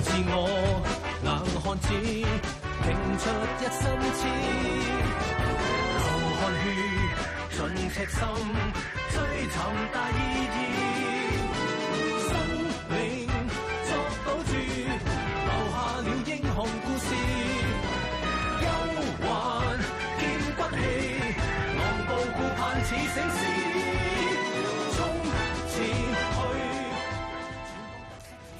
自我硬漢子拼出一身痴，流汗血盡赤心，追尋大意義。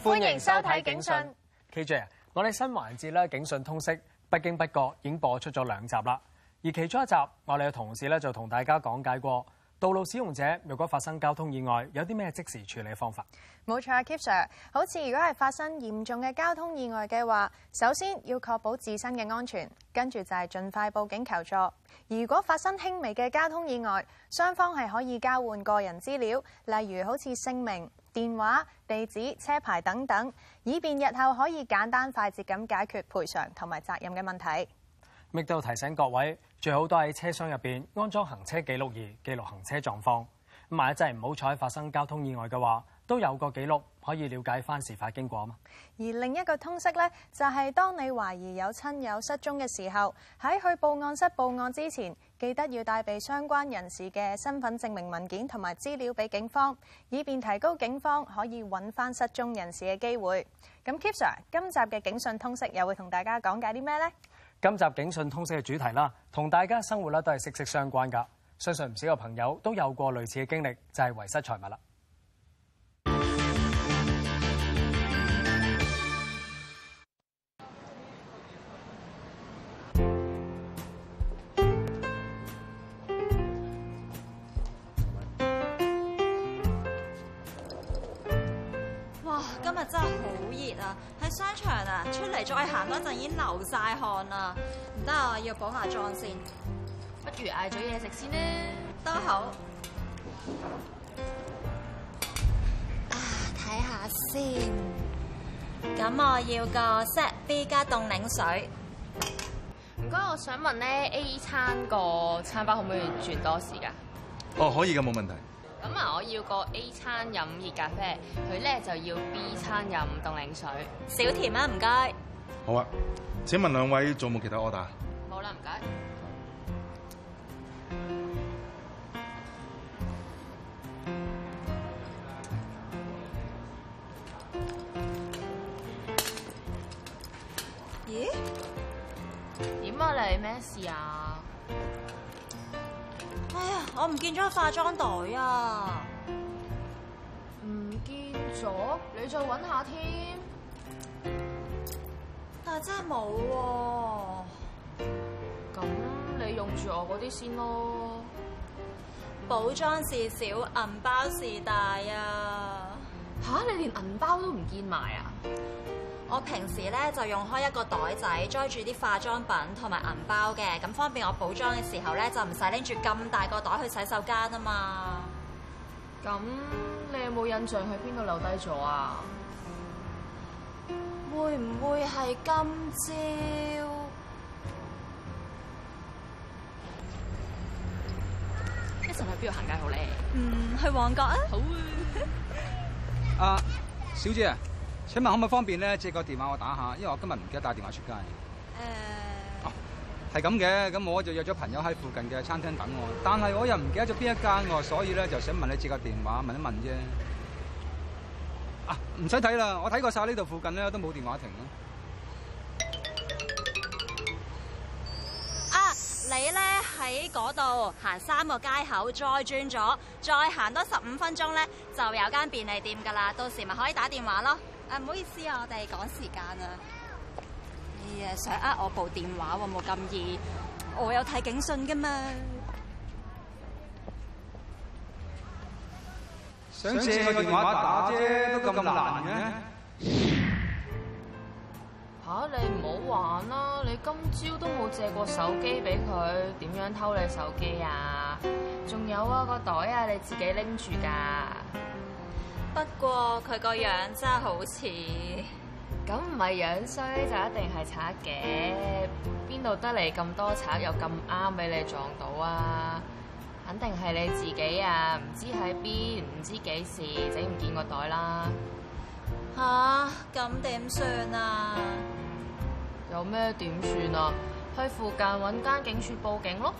歡迎收睇警訊，K J。我哋新環節咧，警訊通識不經不覺已經播出咗兩集啦。而其中一集，我哋嘅同事咧就同大家講解過，道路使用者如果發生交通意外，有啲咩即時處理方法？冇錯，K Sir，好似如果係發生嚴重嘅交通意外嘅話，首先要確保自身嘅安全，跟住就係盡快報警求助。如果發生輕微嘅交通意外，雙方係可以交換個人資料，例如好似姓名、電話、地址、車牌等等，以便日後可以簡單快捷咁解決賠償同埋責任嘅問題。亦都提醒各位，最好都喺車廂入邊安裝行車記錄儀，記錄行車狀況。萬一真係唔好彩發生交通意外嘅話，都有個記錄。可以了解翻事發經過嘛？而另一個通識咧，就係當你懷疑有親友失蹤嘅時候，喺去報案室報案之前，記得要帶備相關人士嘅身份證明文件同埋資料俾警方，以便提高警方可以揾翻失蹤人士嘅機會。咁 Kip Sir，今集嘅警訊通識又會同大家講解啲咩呢？今集警訊通識嘅主題啦，同大家生活啦都係息息相關噶。相信唔少嘅朋友都有過類似嘅經歷，就係遺失財物啦。再行嗰陣已經流晒汗啦，唔得啊，要補下妝先。不如嗌咗嘢食先咧，都好。啊，睇下先。咁我要個 set B 加凍檸水。唔該，我想問咧，A 餐個餐包可唔可以轉多士㗎？哦，可以㗎，冇問題。咁啊，我要個 A 餐飲熱咖啡，佢咧就要 B 餐飲凍檸水，少甜啊，唔該。好啊！請問兩位做冇其他 order？冇啦，唔該。咦？點啊你？咩、欸、事啊？哎呀，我唔見咗個化妝袋啊！唔見咗？你再揾下添。真係冇喎，咁、啊、你用住我嗰啲先咯。補妝事小，銀包事大啊！吓、啊，你連銀包都唔見埋啊！我平時咧就用開一個袋仔，裝住啲化妝品同埋銀包嘅，咁方便我補妝嘅時候咧，就唔使拎住咁大個袋去洗手間啊嘛。咁你有冇印象喺邊度留低咗啊？會唔會係今朝？一陣去邊度行街好咧？嗯，去旺角啊！好啊。 uh, 小姐啊，請問可唔可以方便咧借個電話我打下？因爲我今日唔記得帶電話出街。誒、uh，哦、uh，係咁嘅。咁我就約咗朋友喺附近嘅餐廳等我，但係我又唔記得咗邊一間喎，所以咧就想問你借個電話問一問啫。唔使睇啦，我睇過晒呢度附近咧，都冇電話亭啊。啊，你咧喺嗰度行三個街口，再轉左，再行多十五分鐘咧，就有間便利店噶啦。到時咪可以打電話咯。啊，唔好意思啊，我哋趕時間啊。哎，啊，想呃我部電話喎，啊，冇咁易，我有睇警訊噶嘛。想借佢個電話打啫，都咁難嘅、啊？吓、啊、你唔好玩啦、啊！你今朝都冇借過手機俾佢，點樣偷你手機啊？仲有啊，個袋啊，你自己拎住噶。不過佢個樣真係好似。咁唔係樣衰就一定係賊嘅？邊度得嚟咁多賊又咁啱俾你撞到啊？肯定係你自己啊！唔知喺邊，唔知幾時，整唔見個袋啦。吓，咁點算啊？麼啊有咩點算啊？去附近搵間警署報警咯。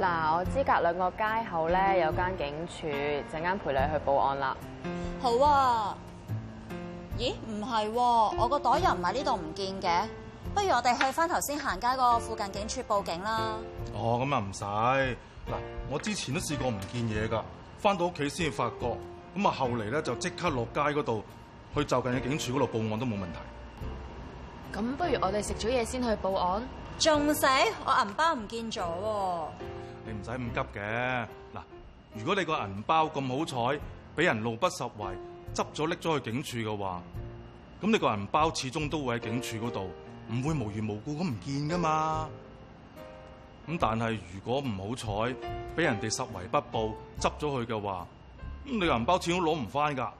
嗱、啊，我知道隔兩個街口咧有間警署，陣間、嗯、陪你去報案啦。好啊。咦？唔係、啊，我個袋又唔係呢度唔見嘅。不如我哋去翻頭先行街嗰個附近警署報警啦。哦，咁啊唔使嗱，我之前都試過唔見嘢噶，翻到屋企先發覺咁啊，後嚟咧就即刻落街嗰度去就近嘅警署嗰度報案都冇問題。咁不如我哋食咗嘢先去報案，仲死我銀包唔見咗？你唔使咁急嘅嗱，如果你個銀包咁好彩俾人路不拾遺執咗拎咗去警署嘅話，咁你個銀包始終都會喺警署嗰度。唔會無緣無故咁唔見噶嘛，咁但係如果唔好彩俾人哋拾遺不報執咗佢嘅話，咁你銀包錢都攞唔返噶。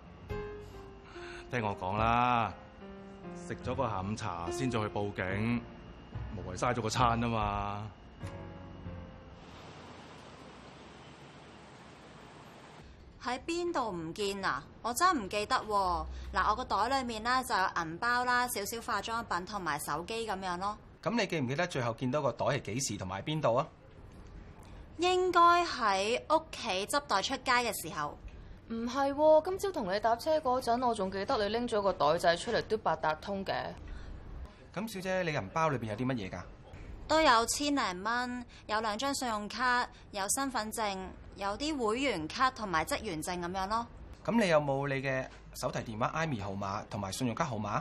聽我講啦，食咗個下午茶先再去報警，無謂嘥咗個餐啊嘛。喺邊度唔見啊？我真唔記得。嗱，我個袋裏面咧就有銀包啦，少少化妝品同埋手機咁樣咯。咁你記唔記得最後見到個袋係幾時同埋邊度啊？應該喺屋企執袋出街嘅時候。唔係啊，今朝同你搭車嗰陣，我仲記得你拎咗個袋仔出嚟嘟八達通嘅。咁，小姐，你銀包裏邊有啲乜嘢噶？都有千零蚊，有兩張信用卡，有身份證。有啲會員卡同埋職員證咁樣咯。咁你有冇你嘅手提電話 IMEI 號碼同埋信用卡號碼？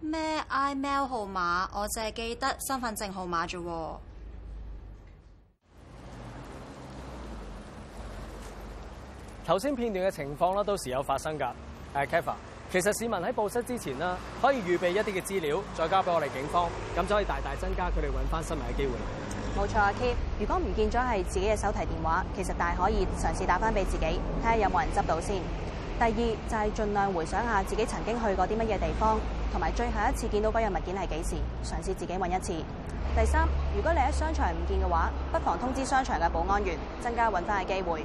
咩 IMEI 號碼？我淨係記得身份證號碼啫。頭先片段嘅情況咧，都時有發生噶。誒、uh, Kev，其實市民喺報失之前啦，可以預備一啲嘅資料，再交俾我哋警方，咁就可以大大增加佢哋揾翻失物嘅機會。冇錯啊 Keep 如果唔見咗係自己嘅手提電話，其實大可以嘗試打翻俾自己，睇下有冇人執到先。第二就係、是、盡量回想下自己曾經去過啲乜嘢地方，同埋最後一次見到嗰樣物件係幾時，嘗試自己揾一次。第三，如果你喺商場唔見嘅話，不妨通知商場嘅保安員，增加揾翻嘅機會。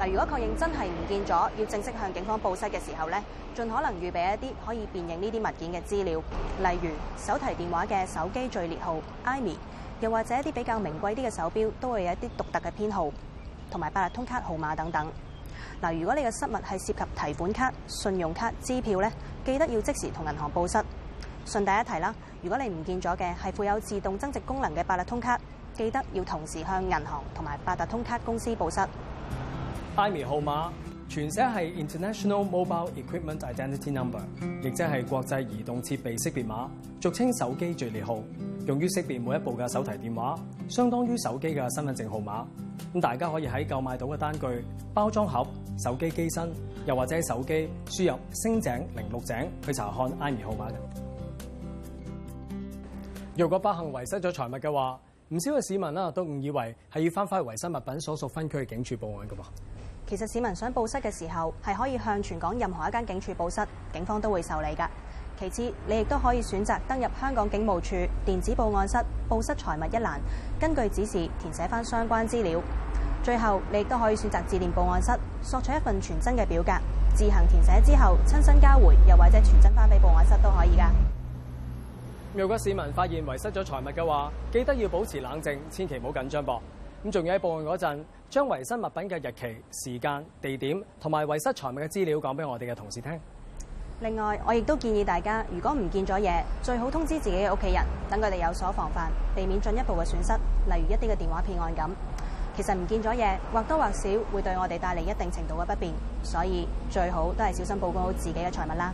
嗱，如果確認真係唔見咗，要正式向警方報失嘅時候呢，盡可能預備一啲可以辨認呢啲物件嘅資料，例如手提電話嘅手機序列號、IMEI。又或者一啲比較名貴啲嘅手錶，都會有一啲獨特嘅編號同埋八達通卡號碼等等。嗱，如果你嘅失物係涉及提款卡、信用卡、支票咧，記得要即時同銀行報失。順帶一提啦，如果你唔見咗嘅係附有自動增值功能嘅八達通卡，記得要同時向銀行同埋八達通卡公司報失。IMEI 號碼。全寫係 International Mobile Equipment Identity Number，亦即係國際移動設備識別碼，俗稱手機序列號，用於識別每一部嘅手提電話，相當於手機嘅身份證號碼。咁大家可以喺購買到嘅單據、包裝盒、手機機身，又或者手機輸入星井零六井去查看 IMEI 號碼嘅。若果不幸遺失咗財物嘅話，唔少嘅市民啦都誤以為係要翻返去遺失物品所屬分區嘅警署報案嘅噃。其實市民想報失嘅時候，係可以向全港任何一間警署報失，警方都會受理噶。其次，你亦都可以選擇登入香港警務處電子報案室，報失財物一欄，根據指示填寫翻相關資料。最後，你亦都可以選擇致電報案室，索取一份傳真嘅表格，自行填寫之後親身交回，又或者傳真翻俾報案室都可以噶。如果市民發現遺失咗財物嘅話，記得要保持冷靜，千祈唔好緊張噃。咁仲要喺報案嗰陣，將遺失物品嘅日期、時間、地點同埋遺失財物嘅資料講俾我哋嘅同事聽。另外，我亦都建議大家，如果唔見咗嘢，最好通知自己嘅屋企人，等佢哋有所防範，避免進一步嘅損失。例如一啲嘅電話騙案咁，其實唔見咗嘢或多或少會對我哋帶嚟一定程度嘅不便，所以最好都係小心保管好自己嘅財物啦。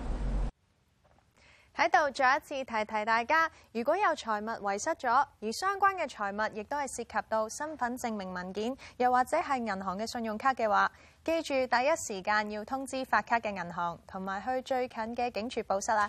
喺度再一次提提大家，如果有財物遺失咗，而相關嘅財物亦都係涉及到身份證明文件，又或者係銀行嘅信用卡嘅話，記住第一時間要通知發卡嘅銀行，同埋去最近嘅警署報失啦。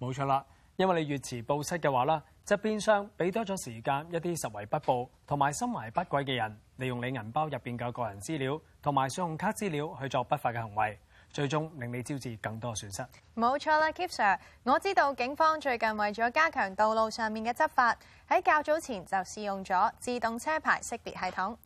冇錯啦，因為你越遲報失嘅話呢，就變相俾多咗時間一啲拾遺不報同埋心懷不軌嘅人，利用你銀包入邊嘅個人資料同埋信用卡資料去做不法嘅行為，最終令你招致更多損失，冇錯啦，Kip Sir。我知道警方最近為咗加強道路上面嘅執法，喺較早前就試用咗自動車牌識別系統。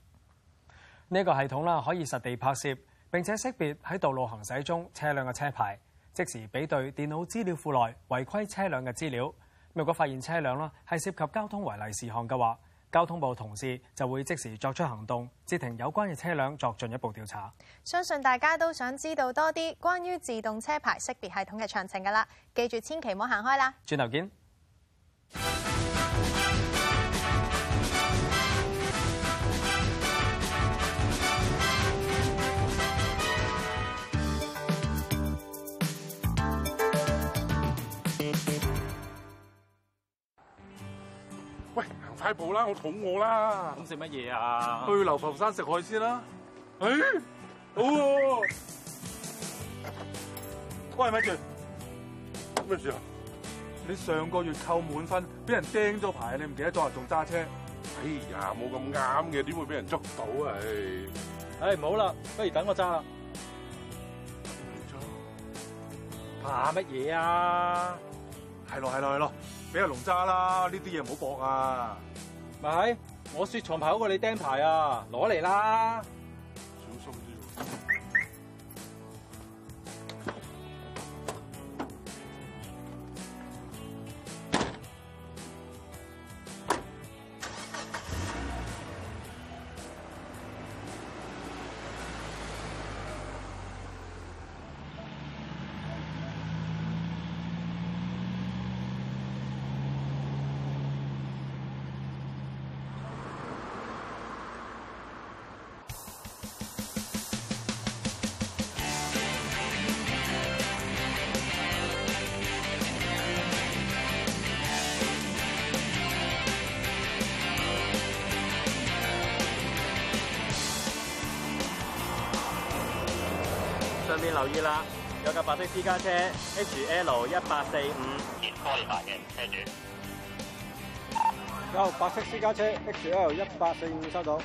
呢個系統啦，可以實地拍攝並且識別喺道路行駛中車輛嘅車牌，即時比對電腦資料庫內違規車輛嘅資料。如果發現車輛啦係涉及交通違例事項嘅話，交通部同事就會即時作出行動，截停有關嘅車輛作進一步調查。相信大家都想知道多啲關於自動車牌識別系統嘅詳情㗎啦。記住，千祈唔好行開啦。轉頭見。太步啦！我肚餓啦。咁食乜嘢啊？去流浮山食海鮮啦。哎，好喎。喂，咪住等。咩事啊？你上個月扣滿分，俾人釘咗牌你唔記得咗啊？仲揸車？哎呀，冇咁啱嘅，點會俾人捉到啊？哎，唔、哎、好啦，不如等我揸啦。怕乜嘢啊？係咯，係咯，係咯，俾阿龍揸啦。呢啲嘢唔好搏啊！咪係，我雪藏牌好過你釘牌啊！攞嚟啦～注意留意啦，有架白色私家車 H L 一八四五，年過百嘅車主。有白色私家車 H L 一八四五收到。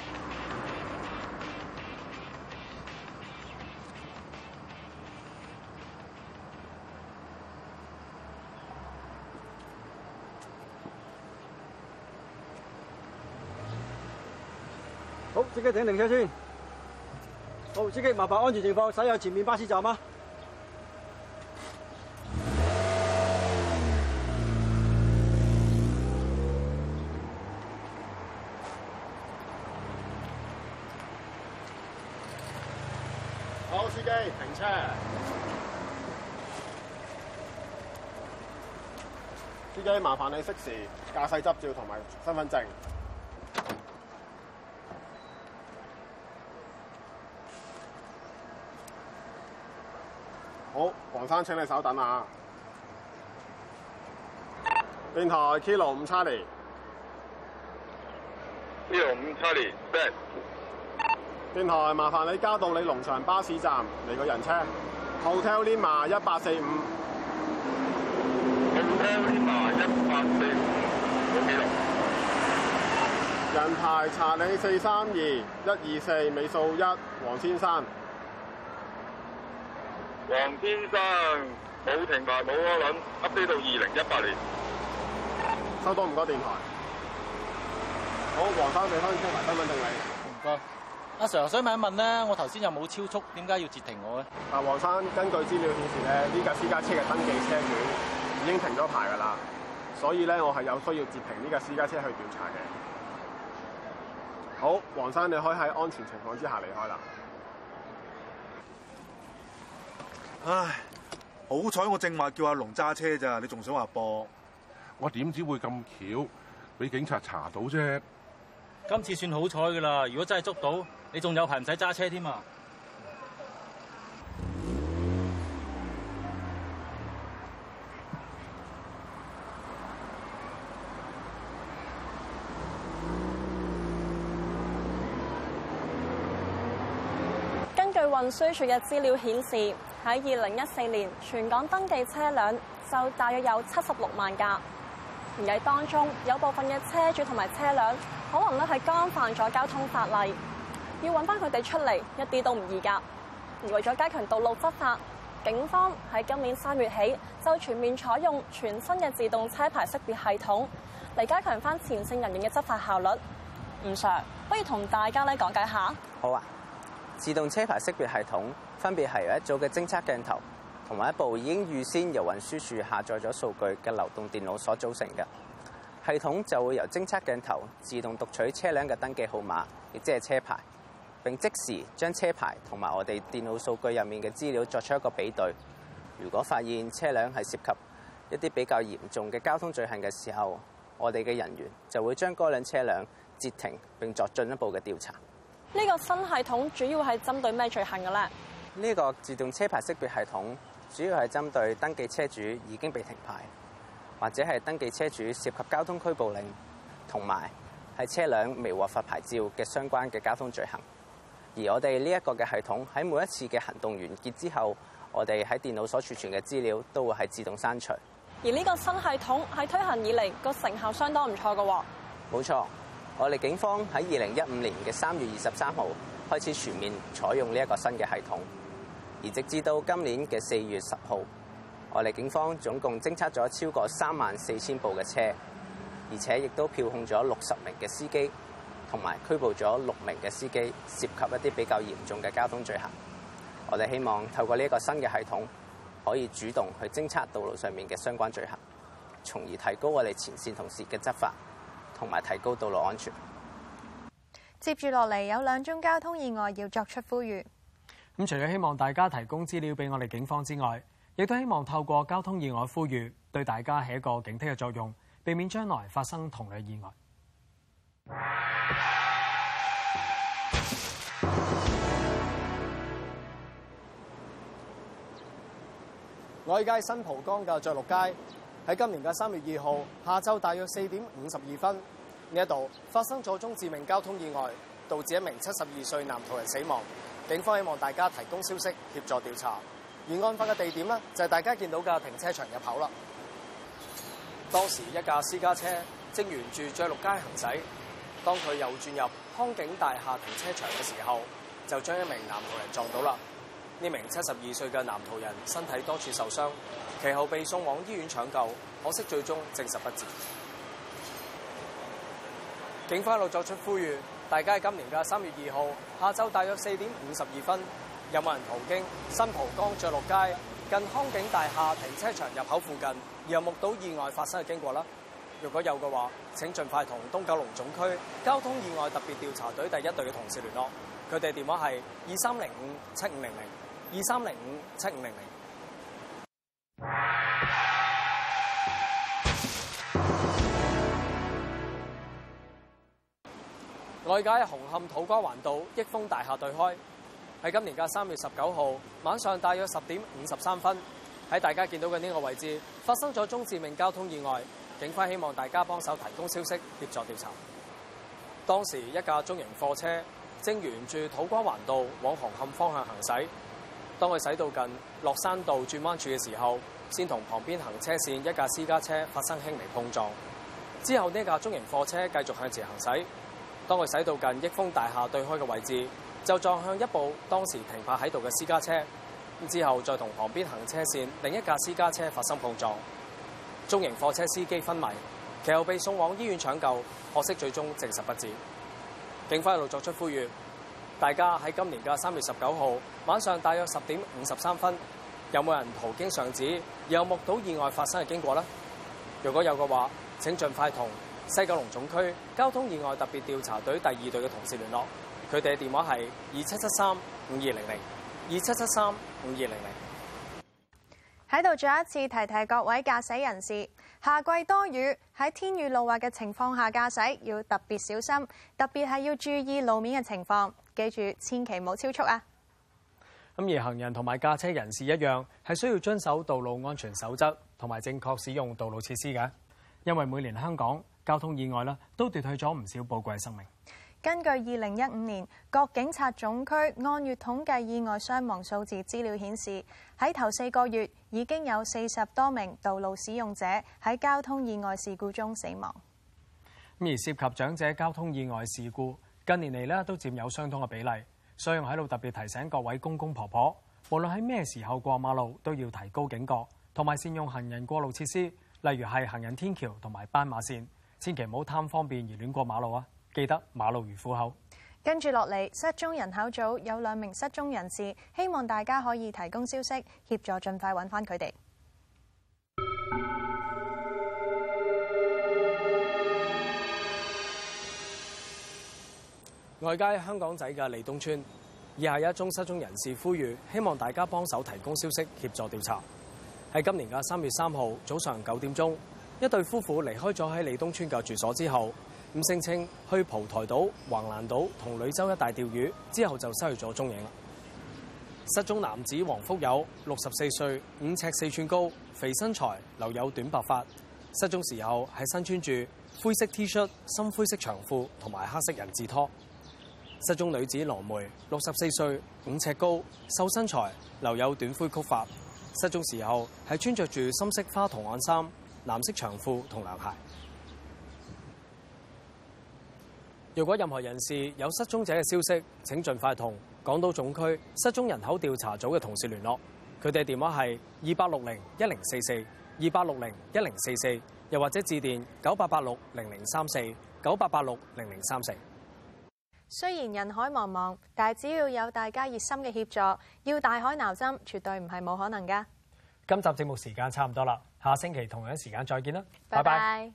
好，即刻停停車先。好，司機，麻煩安全情況駛入前面巴士站啊！好，司機停車，司機。司機麻煩你出示駕駛執照同埋身份證。好，黃生，請你稍等下。電台 Kilo 五 Charlie，Kilo 五 Charlie，得。電台麻煩你加到你農場巴士站你個人車，Hotel Lima 一八四五。Hotel Lima 一八四五，好記錄。人牌查理四三二一二四尾數一，黃先生。黃先生冇停牌冇可能 update 到二零一八年，收多唔多電台？好，黃生你翻出埋身份證嚟，唔該。阿 Sir 想問一問咧，我頭先又冇超速，點解要截停我嘅？嗱，黃生，根據資料顯示咧，呢架私家車嘅登記車主已經停咗牌噶啦，所以咧我係有需要截停呢架私家車去調查嘅。好，黃生你可以喺安全情況之下離開啦。唉，好彩我正話叫阿龍揸車咋，你仲想話搏？我點知會咁巧俾警察查到啫？今次算好彩噶啦，如果真係捉到，你仲有排唔使揸車添啊！根據運輸署嘅資料顯示。喺二零一四年，全港登記車輛就大約有七十六萬架，而喺當中有部分嘅車主同埋車輛，可能咧係干犯咗交通法例，要揾翻佢哋出嚟一啲都唔易噶。而為咗加強道路執法，警方喺今年三月起就全面採用全新嘅自動車牌識別系統嚟加強翻前線人員嘅執法效率。吳 Sir 可以同大家咧講解一下？好啊。自動車牌識別系統分別係由一組嘅偵測鏡頭同埋一部已經預先由運輸署下載咗數據嘅流動電腦所組成嘅系統，就會由偵測鏡頭自動讀取車輛嘅登記號碼，亦即係車牌，並即時將車牌同埋我哋電腦數據入面嘅資料作出一個比對。如果發現車輛係涉及一啲比較嚴重嘅交通罪行嘅時候，我哋嘅人員就會將該輛車輛截停並作進一步嘅調查。呢個新系統主要係針對咩罪行嘅咧？呢個自動車牌識別系統主要係針對登記車主已經被停牌，或者係登記車主涉及交通拘捕令，同埋係車輛未獲發牌照嘅相關嘅交通罪行。而我哋呢一個嘅系統喺每一次嘅行動完結之後，我哋喺電腦所儲存嘅資料都會係自動刪除。而呢個新系統喺推行以嚟個成效相當唔錯㗎喎。冇錯。我哋警方喺二零一五年嘅三月二十三號開始全面採用呢一個新嘅系統，而直至到今年嘅四月十號，我哋警方總共偵測咗超過三萬四千部嘅車，而且亦都票控咗六十名嘅司機，同埋拘捕咗六名嘅司機涉及一啲比較嚴重嘅交通罪行。我哋希望透過呢一個新嘅系統，可以主動去偵測道路上面嘅相關罪行，從而提高我哋前線同事嘅執法。同埋提高道路安全。接住落嚟有兩宗交通意外要作出呼籲。咁除咗希望大家提供資料俾我哋警方之外，亦都希望透過交通意外呼籲對大家起一個警惕嘅作用，避免將來發生同類意外。我依家喺新蒲崗嘅爵祿街。喺今年嘅三月二號下晝大約四點五十二分，呢一度發生咗中致命交通意外，導致一名七十二歲男途人死亡。警方希望大家提供消息協助調查。而案發嘅地點呢，就係、是、大家見到嘅停車場入口啦。當時一架私家車正沿住雀綠街行駛，當佢右轉入康景大廈停車場嘅時候，就將一名男途人撞到啦。呢名七十二歲嘅男途人身體多處受傷。其後被送往醫院搶救，可惜最終證實不治。警方一路作出呼籲，大家喺今年嘅三月二號下晝大約四點五十二分，有冇人途經新蒲崗爵祿街近康景大廈停車場入口附近，而又目睹意外發生嘅經過啦？如果有嘅話，請盡快同東九龍總區交通意外特別調查隊第一隊嘅同事聯絡，佢哋電話係二三零五七五零零二三零五七五零零。外界紅磡土瓜環道益豐大廈對開，喺今年嘅三月十九號晚上，大約十點五十三分，喺大家見到嘅呢個位置發生咗宗致命交通意外。警方希望大家幫手提供消息協助調查。當時一架中型貨車正沿住土瓜環道往紅磡方向行駛，當佢駛到近落山道轉彎處嘅時候，先同旁邊行車線一架私家車發生輕微碰撞。之後呢架中型貨車繼續向前行駛。當佢駛到近益豐大廈對開嘅位置，就撞向一部當時停泊喺度嘅私家車，之後再同旁邊行車線另一架私家車發生碰撞。中型貨車司機昏迷，其後被送往醫院搶救，可惜最終證實不治。警方又作出呼籲，大家喺今年嘅三月十九號晚上大約十點五十三分，有冇人途經上址，又目睹意外發生嘅經過呢？如果有嘅話，請盡快同。西九龍總區交通意外特別調查隊第二隊嘅同事聯絡，佢哋嘅電話係二七七三五二零零二七七三五二零零。喺度再一次提提各位駕駛人士，夏季多雨喺天雨路滑嘅情況下駕駛要特別小心，特別係要注意路面嘅情況，記住千祈唔好超速啊！咁而行人同埋駕車人士一樣，係需要遵守道路安全守則同埋正確使用道路設施嘅，因為每年香港。交通意外啦，都奪去咗唔少寶貴嘅生命。根據二零一五年各警察總區按月統計意外傷亡數字資料顯示，喺頭四個月已經有四十多名道路使用者喺交通意外事故中死亡。而涉及長者交通意外事故，近年嚟呢都佔有相當嘅比例，所以我喺度特別提醒各位公公婆婆，無論喺咩時候過馬路，都要提高警覺，同埋善用行人過路設施，例如係行人天橋同埋斑馬線。千祈唔好貪方便而亂過馬路啊！記得馬路如虎口。跟住落嚟，失蹤人口組有兩名失蹤人士，希望大家可以提供消息，協助盡快揾翻佢哋。外街香港仔嘅利東村以下一宗失蹤人士呼籲，希望大家幫手提供消息，協助調查。喺今年嘅三月三號早上九點鐘，一對夫婦離開咗喺利東村嘅住所之後，吳聲稱去蒲台島、橫瀾島同旅洲一帶釣魚，之後就失去咗蹤影啦。失蹤男子黃福友，六十四歲，五尺四寸高，肥身材，留有短白髮。失蹤時候係身穿住灰色 T 恤、shirt，深灰色長褲同埋黑色人字拖。失蹤女子羅梅，六十四歲，五尺高，瘦身材，留有短灰曲髮。失蹤時候係穿着住深色花圖案衫。藍色長褲同涼鞋。如果任何人士有失蹤者嘅消息，請盡快同港島總區失蹤人口調查組嘅同事聯絡。佢哋嘅電話係二八六零一零四四二八六零一零四四，44, 44，又或者致電九八八六零零三四九八八六零零三四。34，雖然人海茫茫，但只要有大家熱心嘅協助，要大海撈針，絕對唔係冇可能噶。今集節目時間差唔多啦。下星期同樣時間再見啦，拜拜。